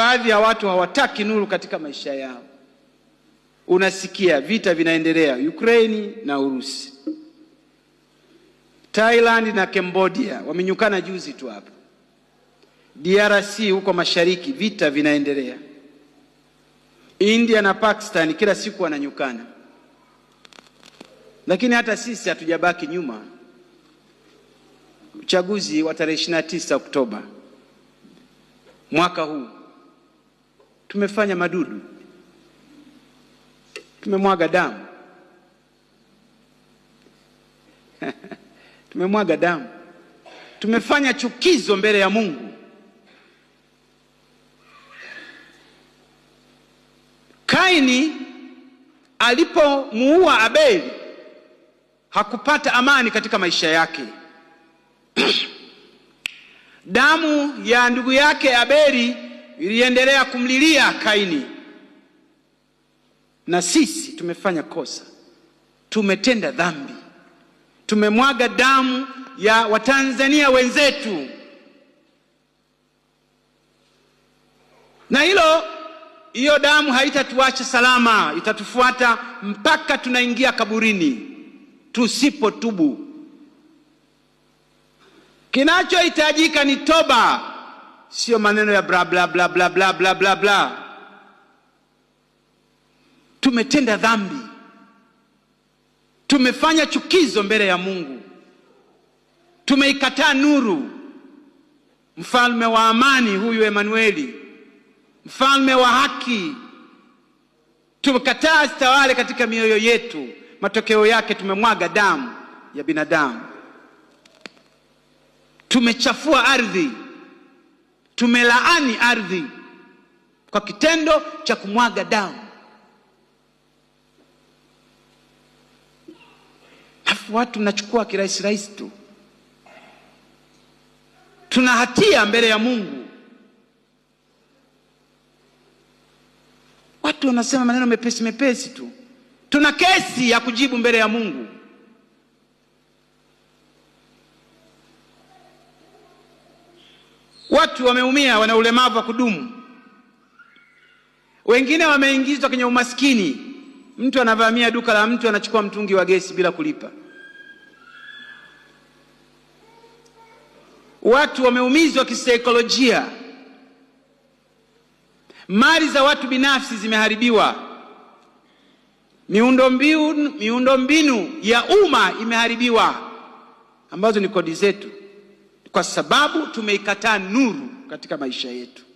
Baadhi ya watu hawataki nuru katika maisha yao. Unasikia vita vinaendelea Ukraini na Urusi, Thailand na Cambodia wamenyukana juzi tu hapa, DRC huko mashariki vita vinaendelea, India na Pakistan kila siku wananyukana. Lakini hata sisi hatujabaki nyuma. Uchaguzi wa tarehe 29 Oktoba mwaka huu tumefanya madudu, tumemwaga damu tumemwaga damu, tumefanya chukizo mbele ya Mungu. Kaini alipomuua Abeli hakupata amani katika maisha yake. Damu ya ndugu yake Abeli iliendelea kumlilia Kaini. Na sisi tumefanya kosa, tumetenda dhambi, tumemwaga damu ya Watanzania wenzetu, na hilo hiyo damu haitatuacha salama, itatufuata mpaka tunaingia kaburini tusipotubu. Kinachohitajika ni toba sio maneno ya bla bla bla bla bla bla bla bla. Tumetenda dhambi, tumefanya chukizo mbele ya Mungu, tumeikataa nuru, mfalme wa amani huyu Emanueli, mfalme wa haki. Tumekataa stawale katika mioyo yetu, matokeo yake tumemwaga damu ya binadamu, tumechafua ardhi Tumelaani ardhi kwa kitendo cha kumwaga damu. Halafu watu mnachukua kirahisi rahisi tu. Tuna hatia mbele ya Mungu. Watu wanasema maneno mepesi mepesi tu. Tuna kesi ya kujibu mbele ya Mungu. Watu wameumia, wana ulemavu wa kudumu, wengine wameingizwa kwenye umaskini. Mtu anavamia duka la mtu, anachukua mtungi wa gesi bila kulipa. Watu wameumizwa kisaikolojia, mali za watu binafsi zimeharibiwa, mbinu, miundo mbinu ya umma imeharibiwa, ambazo ni kodi zetu kwa sababu tumeikataa nuru katika maisha yetu.